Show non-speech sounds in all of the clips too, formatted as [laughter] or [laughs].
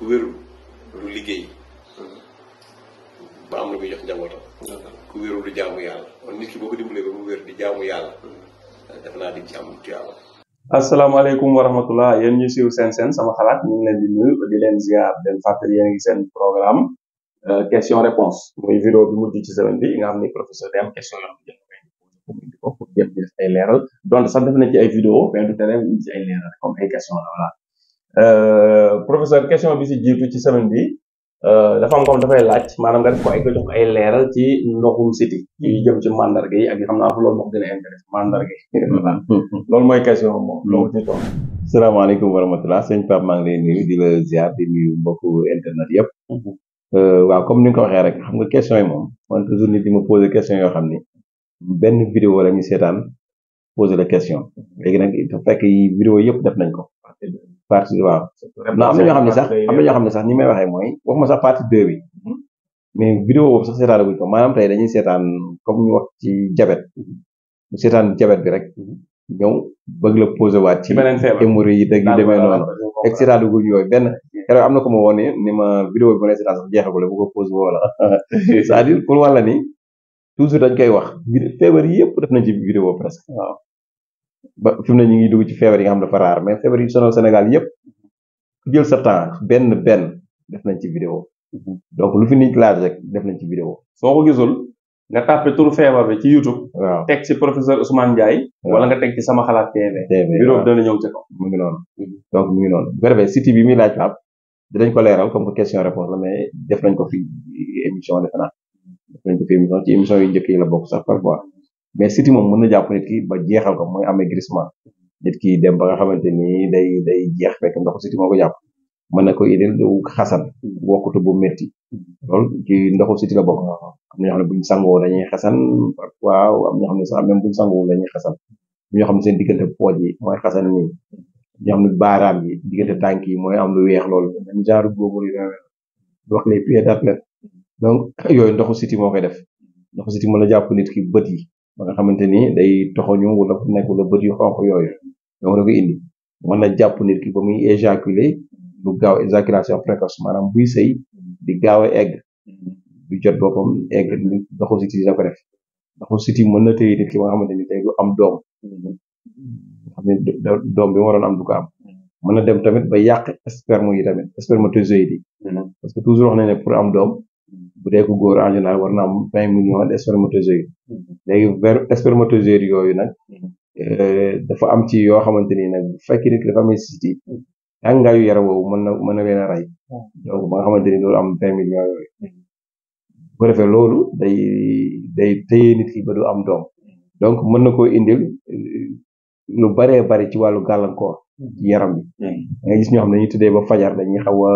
ku wérul du liggéey ba am lu jox njabootam ku du jaamu yàlla nit ki ko di jaamu yàlla def di jamu am Assalamualaikum warahmatullahi wa rahmatullah yéen ñu siiw sen sen sama xalaat ñu leen di nuyu di leen ziar den fatali yeen ngi sen programme euh, question réponse muy vidéo bi mujj ci semaine bi nga am ni professeur day am question yoo xam ko ko def ay leral donc sax def na ci ay vidéo mais du tere ci ay leral comme ay question la Euh, professeur question bi si jiitu ci semaine bi euh, dafa am comme dafay laaj maanaam nga def ko ay leeral ci ndoxum siti yu jëm ci mandarga yi ak yi xam naa fa [laughs] loolu mooy question moom loolu ci toog salaamaaleykum wa rahmatulah sëñ Pape maa ngi lay nuyu di la ziar di nuyu mbokku internet yëpp euh, waaw comme ni nga ko waxee rek xam nga question yi moom man toujours nit di ma posé question yoo xam ni benn vidéo la ñu seetaan posé la question léegi nag fekk vidéo yëpp def nañ ko parti waaw. na xam ne sax am na ñoo xam ne sax ni may waxee mooy waxuma sax partie deux bi mhm. mais vidéo boobu sax seetaan guñ ko maanaam tey dañuy seetaan comme ñu wax ci jabet mu seetaan jabet bi rek ñëw bëgg la posé waat ci émori yi dëgg yi demee noonu et cetera dugub yooyu benn keroog am na ko ma woon ni ma vidéo bi ma lay seetaan sax jeexagul bu ko posé woo la [laughs] c'est-à-dire pour wàlla ni toujours dañ koy wax feebar yëpp def nañ ci vidéo presque waaw ba fi mu ñu ngi dugg ci feebar yi nga xam dafa raar mais feebar yi sonal Sénégal yëpp ku jël sa temps benn benn def nañ ci vidéo donc lu fi nit laaj rek def nañ ci vidéo soo ko gisul nga tàppe turu feebar bi ci YouTube. waaw teg ci professeur Ousmane Ndiaye. wala nga teg ci sama xalaat TV. TV bureau ñëw ci mu ngi noonu mhm. donc mu ngi noonu bu ko defee site bi muy laaj Pape dinañ ko leeral comme que question réponse la mais def nañ ko fi émission defe naa def nañ ko fi émission sax parfois. mais City moom mën na jàpp nit ki ba jeexal ko mooy amee Griezmann nit ki dem ba nga xamante ni day day jeex fekk ndoxu City moo ko jàpp mën na ko indil du xasan wokkute bu métti loolu ci ndoxu City la sangoo dañuy xasan waaw am xam ne sax même buñ sangoo dañuy xasan xam seen diggante pooj yi mooy xasan nii ñoo xam tànk yi mooy am lu weex loolu même genre góobu yi wax les pieds d'athlète donc koy def ndoxu City mën na jàpp nit ki bët ba nga xamante ni day toxoñu wala ku nekk wala bët yu xonq yooyu donc da indi mën na jàpp nit ki ba muy éjaculer lu gaaw éjaculation précoce maanaam buy di gaaw a egg du jot boppam egg ndoxu siti dina ko def ndoxu ki ba nga xamante ni du am doom xam ne doom am du am mën dem tamit ba yàq sperme yi tamit spermatozoïdes yi mm-hmm. parce que toujours wax pour am doom bu dee ko góor en général war na am vingt millions de spermatozoïdes mm-hmm. léegi spermatozoïdes yooyu nag mm-hmm. euh, dafa am ci yoo xamante ni bu fekkee nit ki dafa amee cystite tàngaayu mm-hmm. yaram woowu mën na mën na a rey donc ba nga xamante loolu am vingt millions yooyu bu ko defee day day nit ki ba am doom donc mën na koo indil euh, lu baree bari ci wàllu gàllankoor yaram bi hmm. nga gis ñoo xam ne ñu tuddee ba fajar dañuy xaw a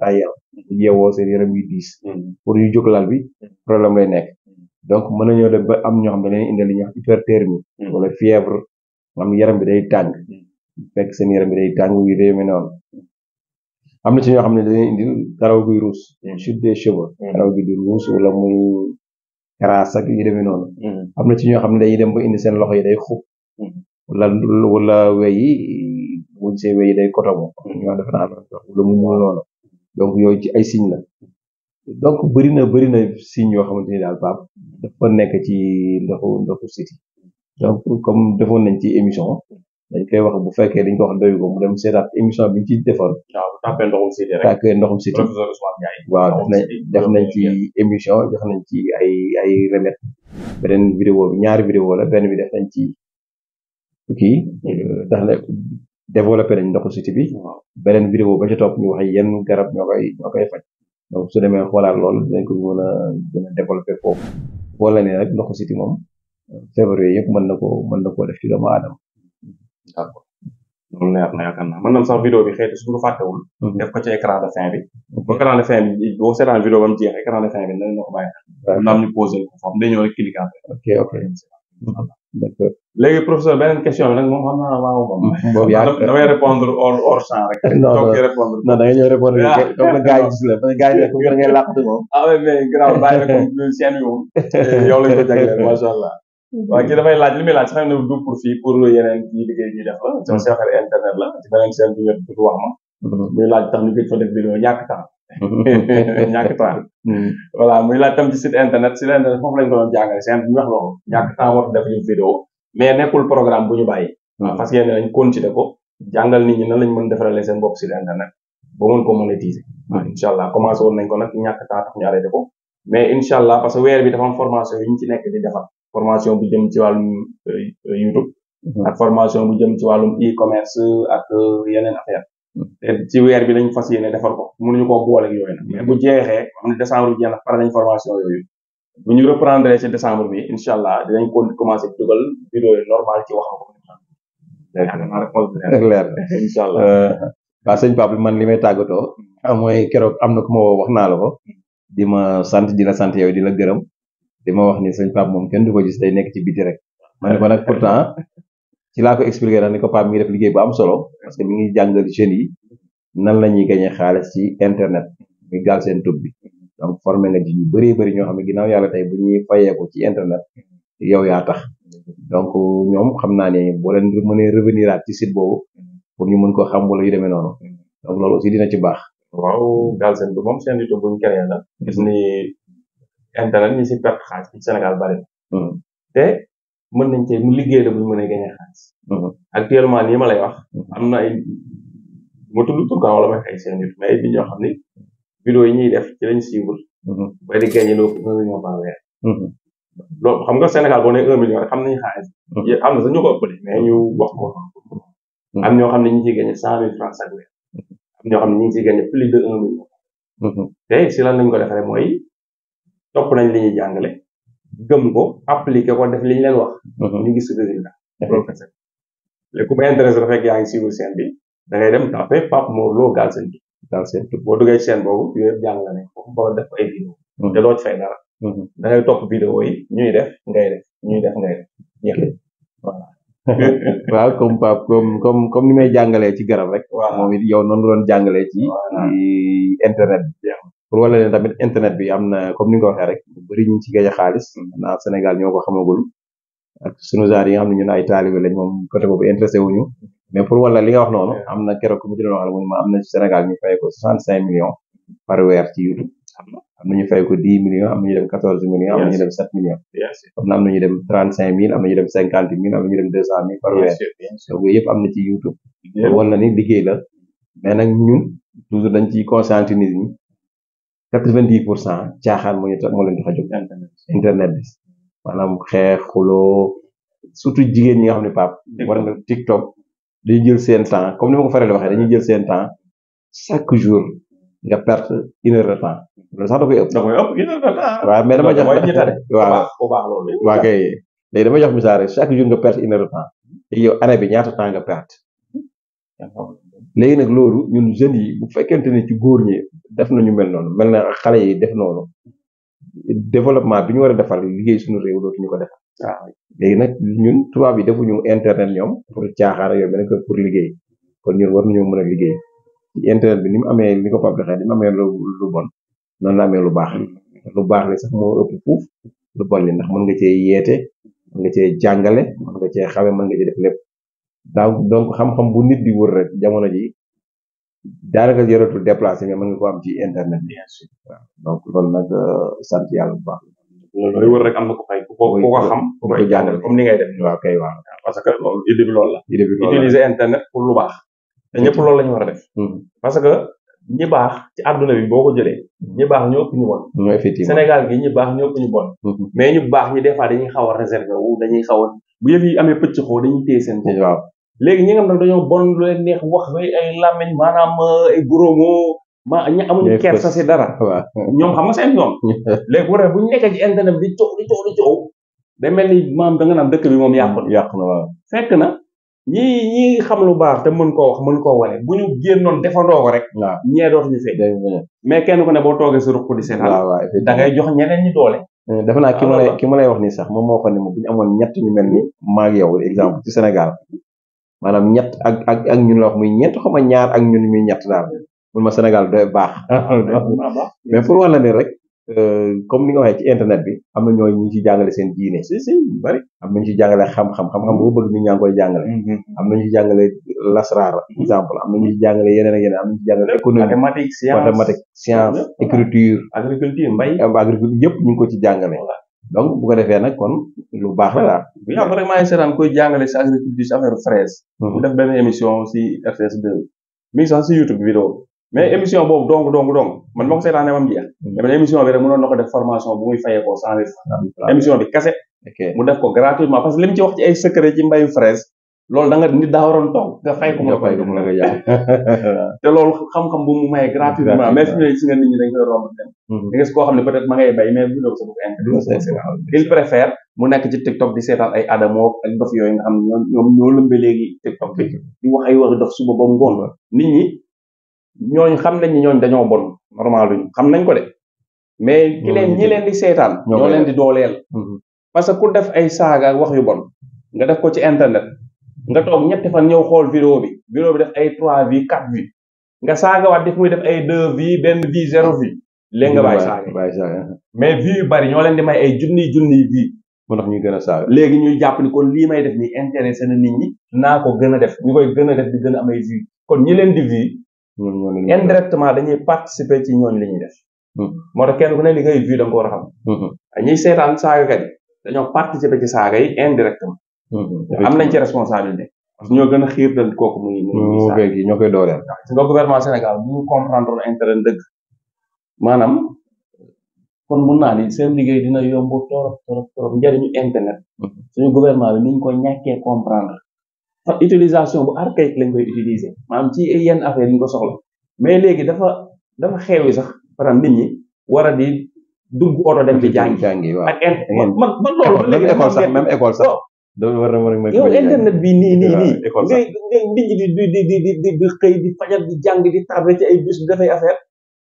tayal hmm. yeewoo seen yaram yi diis hmm. pour ñu jóg lal bi problème lay nekk donc mën nañoo dem ba am ñoo xam dañuy indi li ñuy wax hyperthermie wala fièvre am yaram bi day tàng fekk seen yaram bi day tàng yu day mel noonu am na ci ñoo xam ne dañuy indi karaw guy ruus chute des cheveux karaw gi di ruus wala muy raas ak yu demee noonu am na ci ñoo xam ne dañuy dem ba indi seen loxo yi day xub wala wala wey buñ seewee yi day kotamoo ñu wax mu ñuul noonu donc yooyu ci ay signes la donc bëri na bëri na signes yoo xamante ni daal Pape dafa nekk ci ndoxu ndoxu siti donc comme defoon nañ ci émission dañ koy wax bu fekkee dañ ko wax mu dem seetaat émission bi ñu ci defoon. waaw tàppee ndoxum siti rek tàppee ndoxum waaw def nañ ci émission jox nañ ci ay ay remèdes beneen vidéo bi ñaari vidéo la bi def nañ ci kii euh, développé nañ ndoxu cité bi beneen vidéo ba ca topp ñu yenn garab ñoo koy faj su demee xoolaat loolu dinañ ko mën a gën foofu boo la nee rek ndoxu cité moom mën na koo mën na koo def ci doomu aadama d'accord na yaakaar naa mën nañ sax vidéo na suñu mhm. ko fàttewul de fin bi ba écran de ba mu jeex écran de fin ko bàyyi xam naa rek cliquant ok ok d'accord léegi professeur beneen question bi nag moom xam naa waaw moom. [laughs] boobu yaa [laughs] damay répondre hors hors champ rek. [laughs] non non ñëw répondre comme gars yi gis la parce que gars yi nag la comme seen eh, yow. laaj li muy laaj xam ne du pour fii pour yeneen yi liggéey bi def la. Mm. sama affaire internet la ci beneen seen bi ñu wax ma. Mm. muy laaj tax ñu gëj fa def vidéo ñàkk temps. ñàkk temps voilà muy laaj tam ci site internet site internet foofu lañ ko doon jàngale seen ñu wax loolu ñàkk temps war def ñu vidéo mais nekkul programme bu ñu bàyyi parce que yéen lañ continuer ko jàngal nit ñi nan lañ mën defarale seen bopp site internet ba mën ko monétiser insha allah commencé woon nañ ko nag ñàkk temps tax ñu arrêté ko mais insha parce que weer bi dafa am formation yi ci nekk di defar formation bu jëm ci wàllum youtube hmm. ak formation bu jëm ci wàllum e-commerce ak eh, yeneen ya, affaire ya? ci weer bi lañ fas yéene defar ko mënuñu koo booleeg yooyu nag mais bu jeexee xam ne décembre bi jeex na pare nañ formation bu reprendre ci décembre bi incha allah dinañ ko commencé dugal vidéo yi normal ci wax ko euh, sëñ Pape man li may tàggatoo ah, mooy keroog am na ku ko di ma sant di la sant yow di la gërëm di ma wax ni sëñ Pape moom kenn du ko gis day nekk ci biti rek ci la ko expliquer nag ko pam mi ngi def liguey bu am solo parce que mi ngi jàngal jeune yi nan la gagné ci internet mi gal sen tub bi donc formé nga ji ñu bëree bëri ñoo xam ginaaw yalla tay bu ñuy ko ci internet yow ya tax donc ñom xamna naa bo boo leen mënee revenir aat ci site bobu pour ñu mën ko xam wala yu démé noonu donc lolu aussi dina ci baax. waaw gal sen bi mom sen YouTube bu ñu créé la gis ni internet ni ci perte xaalis ci Sénégal bari hmm. té mën nañ tey mu liggéey la bu ñu mën a gagné xaalis. Mhm. actuellement nii ma lay wax. Mhm. am na ay ma tudd tur wala may xëy seen mais ay xam ni vidéo yi def ci lañ suivre. Mhm. ba di gagné loo xam nga Sénégal boo nee un million rek xam nañu xaalis. am na sax ñu ko ëppale ñu wax ko. am ñoo xam ne ñu ngi cent mille francs chaque weer. ñoo xam ne ñu ngi plus de un million. tey si lan lañ ko mooy topp nañ li ñuy jàngale. gëm ko appliquer ko def liñ leen wax mhm. ñu gis résultat loolu kese léegi ku ma intéressé rek yaa ngi suivre seen bi da ngay dem tapé pap mo Lo gal sen bi Galsen bi boo duggee seen boobu yooyu yëpp jang la nek bo ba def ay vidéo da mhm. doo ci fay dara mhm. da ngay top vidéo yi ñuy def ngay def ñuy def ngay def jeex voilà [laughs] waaw comme pap comme comme comme ni may jàngalee ci garab rek moom it yow noonu doon jàngalee ci internet bi pour wala leen tamit internet bi am na comme ni nga ko waxee rek bëri ñu ci géej xaalis naa Sénégal ñoo ko xamagul ak sunu genre yi nga xam ne ñun ay taalibe lañ pour wala li wax noonu am na keroog ku mu jëloon wax ma ñu fay ko 65 millions par weer ci YouTube na ñu fay ko 10 millions am na ñu dem 14 millions am ñu dem am na ñu dem 35 mille am na ñu dem 50 mille am na ñu dem 200 mille par weer donc yooyu yëpp am na ci YouTube pour ni liggéey la mais ñun toujours dañ ci conscientiser quatre-vingt-dix pour cent caaxaan moo ñu moo a jóg internet bi maanaam xeex xuloo surtout jigéen ñi nga xam ne pap war na TikTok dañuy jël seen temps comme ni ma ko faral di waxee dañuy jël seen temps chaque jour nga perte une heure de temps loolu sax da waaw mais dama jox waaw waaw kay léegi dama jox chaque jour nga perte une de temps léegi yow bi ñaata temps nga perte. léegi nag loolu ñun jeunes yi bu fekkente ne ci góor ñi def na ñu mel noonu mel na xale yi def noonu développement bi ñu war a defar liggéey suñu réew dootuñu ko defal ah léegi nag ñun tubaab yi defuñu internet ñoom pour caaxaar yooyu mais pour liggéey kon ñun war nañoo mën a liggéey ci internet bi ni mu amee ni ko Pape waxee ni mu amee lu lu bon noonu laa amee lu baax lu baax li sax moo ëpp fuuf lu bon li ndax mën nga cee yeete mën nga cee jàngale mën nga cee xame mën nga cee def lépp donc xam-xam bu nit di wër rek jamono ji daanaka yoratul déplacer nga mën nga ko am ci internet bi waaw donc lool nak euh, sant yalla bu baax loolu wër rek am na ko fay ku ko ko xam ko ko jangal comme ni ngay def waaw kay waaw parce que lool idée bi lool la idée bi lool utiliser internet pour lu baax te ñëpp loolu lañu wara def hmm. parce que ñi baax ci aduna bi boko jëlé hmm. ñi baax ñoo ëpp ñu bon hmm, sénégal gi ñi baax ñoo ëpp ñu bon mais ñu baax ñi défa dañuy xawa réserver wu dañuy xawa bu yëf yi amé pëcc xoo dañuy téy seen waaw léegi ñi nga dañoo bon lu leen neex wax way ay làmmiñ maanaam euh, ay si dara [laughs] ñoom xam nga seen ñoom [laughs] léegi mel ni maam da naan dëkk bi moom yàqu na yàqu fekk na xam lu baax te mën koo wax mën koo wane bu ñu génnoon defandoo rek waaw ñee dootuñu fekk mais kenn ku ne boo toogee sa ruq di seetaan jox ñeneen ñi doole euh, dafa naa ki ma lay ma lay wax nii sax moom moo ko ne moom bu amoon ñett ñu mel ni hmm? maag yow exemple ci Sénégal maanaam ñett ak ak ak ñun la wax muy ñeent xama ñaar ak ñun ñuy ñett daal mun ma Sénégal doy baax [laughs] ah, [laughs] mais pour wax la ne rek euh, comme ni nga waxee ci internet bi am na ñooy ñu ci jàngale seen diine si si bari am na ñu ci jàngale xam-xam xam-xam boo bëgg ñu ñaa koy jàngale mm-hmm. am na ñu jàngale lasraar mm-hmm. exemple am na ñu ci jàngale yeneen ak yeneen am na ñu ci jàngale économie mathématique science écriture agriculture mbay yëpp ñu ngi ko ci jàngale donc bu ko defee nag kon lu baax la daal. bu ñu rek maa seetaan koy jàngale si agriculture si affaire fraise. Mhm. mu def benn émission si RTS 2. mi ngi sax si mais émission boobu donc dong dong man ma ko seetaanee ma mu mhm. émission bi rek mënoon na ko def formation bu muy fayee ko sans émission bi kase. mu def ko gratuitement parce que li mu ci wax ci ay secret ci mbayu fraise. loolu da nga nit da waron tok da fay ko mu la koy la nga jaay [laughs] te loolu xam-xam bu mu may gratuitement mais suñu ci nga nit ñi dañ koy romb dem da mm-hmm. nga ko xamni peut-être ma ngay bay mais bu do sa bopp intéressé il préfère mu nekk ci TikTok di sétal ay adamo ak dof yoy nga xam ñom ñoo lembe legi TikTok bi mm-hmm. di wax ay wax dof suba ba ngol mm-hmm. nit ñi ñoo xam nañ ni ñooñ dañoo bon normal luñu xam nañ ko de mais ki leen ñi leen di sétal ñoo leen di dolel parce que ku def ay saga wax yu bon nga def ko ci internet nga toog ñetti fan ñëw xool vidéo bi vidéo bi def ay trois vues quatre vues nga saagawaat def muy def ay deux vues benn vue zéro vue léegi nga bàyyi saaga mais vues bari ñoo leen di may ay junniy junniy vues moo tax ñuy gën a saaga léegi ñuy jàpp ni kon lii may def nii intéressé na nit ñi naa ko gën a def ñu koy gën a def di gën am ay vues kon ñi leen di vues indirectement dañuy participer ci ñooñ li ñuy def hmm. moo tax kenn ku ne li ngay vues da nga ko war a xam hmm. ñuy dañoo participer ci yi indirectement Hmm, hmm, am nañ ci responsabilité. parce ñoo gën a xiirtal ñoo koy dooleel. nga gouvernement Sénégal bu ñu comprendre intérêt dëgg maanaam kon mun naa ni seen liggéey dina yomb torop torop torop njëriñu internet. Hmm. suñu gouvernement bi ni ñu ko ñàkkee comprendre. utilisation bu archaïque lañ koy utiliser maanaam ci yenn affaire yi ko soxla mais léegi dafa dafa xeewi sax par exemple nit ñi war a di dugg oto dem di jàngi. jàngi waaw ak man man loolu. léegi école sax même école sax. doo war na mën a may yow internet bi nii nii nii di di di di di di di xëy di fajal di jàng di tardé ci ay bus di def ay affaire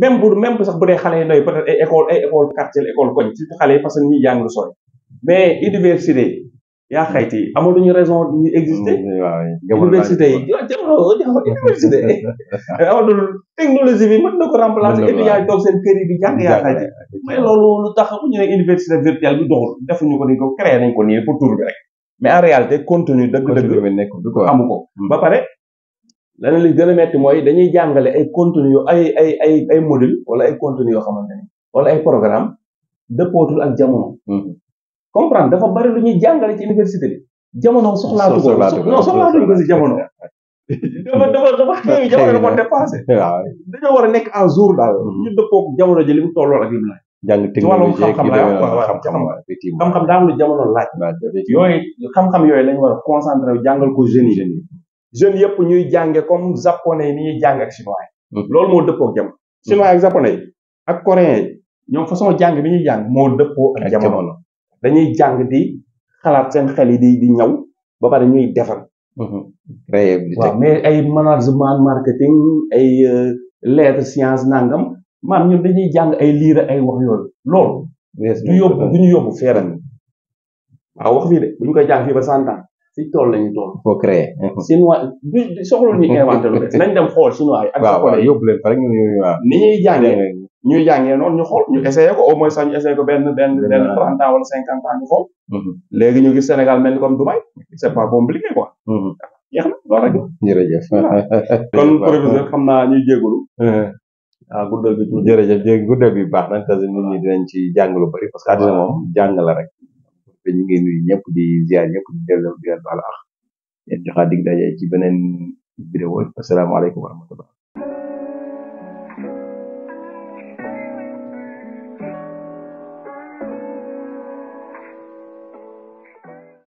même bu même sax bu dee xale yi ndoy peut être ay école ay école quartier école koñ ci xale yi parce que ñuy jàng lu sori mais université yaa xayti amatuñu raison ñu existé université yi université amatul technologie bi mën na ko remplacer et puis yaay toog kër yi di jàng yaa xayti mais loolu lu tax ñu ne université virtuelle bi doxul defuñu ko ni ko créé nañ ko nii pour tour bi rek mais en réalité contenu dëgg-dëgg amu ko hmm. ba pare leneen li gën metti mooy dañuy jàngale ay contenu yu ay ay ay ay module wala ay contenu wala ay programme dëppootul ak jamono hmm. comprendre dafa bari lu ñuy jàngale ci université jamono soxlaatu ko non soxlaatuñu si jamono dafa dafa dafa [laughs] [laughs] dañoo war a nekk en jour daal hmm. ñu dëppoo jamono ji li mu tolloo ak li jàng technologie ci wàllum xam-xam la waaw xam-xam daa jamono laaj. yooyu xam-xam yooyu lañ war a concentré wu jàngal ko jeunes yi. jeunes yëpp ñuy jànge comme japonais yi ni ñuy jàng ak chinois mm-hmm. loolu moo dëppoo ak jamono. Mm-hmm. chinois ak japonais yi ak coréens yi ñoom façon jàng bi ñuy jàng moo dëppoo ak jamono. dañuy jàng di xalaat seen xel yi di ñaw ba pare ñuy defar. Mm-hmm. créé mais ay management marketing ay euh, lettres sciences nangam. maanaam ñun dañuy jàng ay liira ay wax yooyu loolu. du yóbbu du ñu yóbbu feeran waaw wax fii de bu ñu koy jàng fii ba cent ans fi tool lañu tool. foo créé. chinois du soxla ñu inventé lu bees ñu ni ñuy noonu ñu xool ñu essayé ko benn benn benn trente ans wala cinquante ñu xool. Mm-hmm. léegi ñu gis Sénégal mel ni comme Dubaï c'est pas compliqué quoi. Mm-hmm. jeex [laughs] naa ñuy jégalu. Uh-huh. ah guddal bi tuuti jërëjëf jërëjëf guddal bi baax na te nit ñi dinañ ci jàng lu bari parce que àddina moom jàng la rek te ñu ñëpp di ziar ñëpp di delloo di leen baal ak yéen joxaat dig daje ci beneen vidéo asalaamaaleykum wa rahmatullah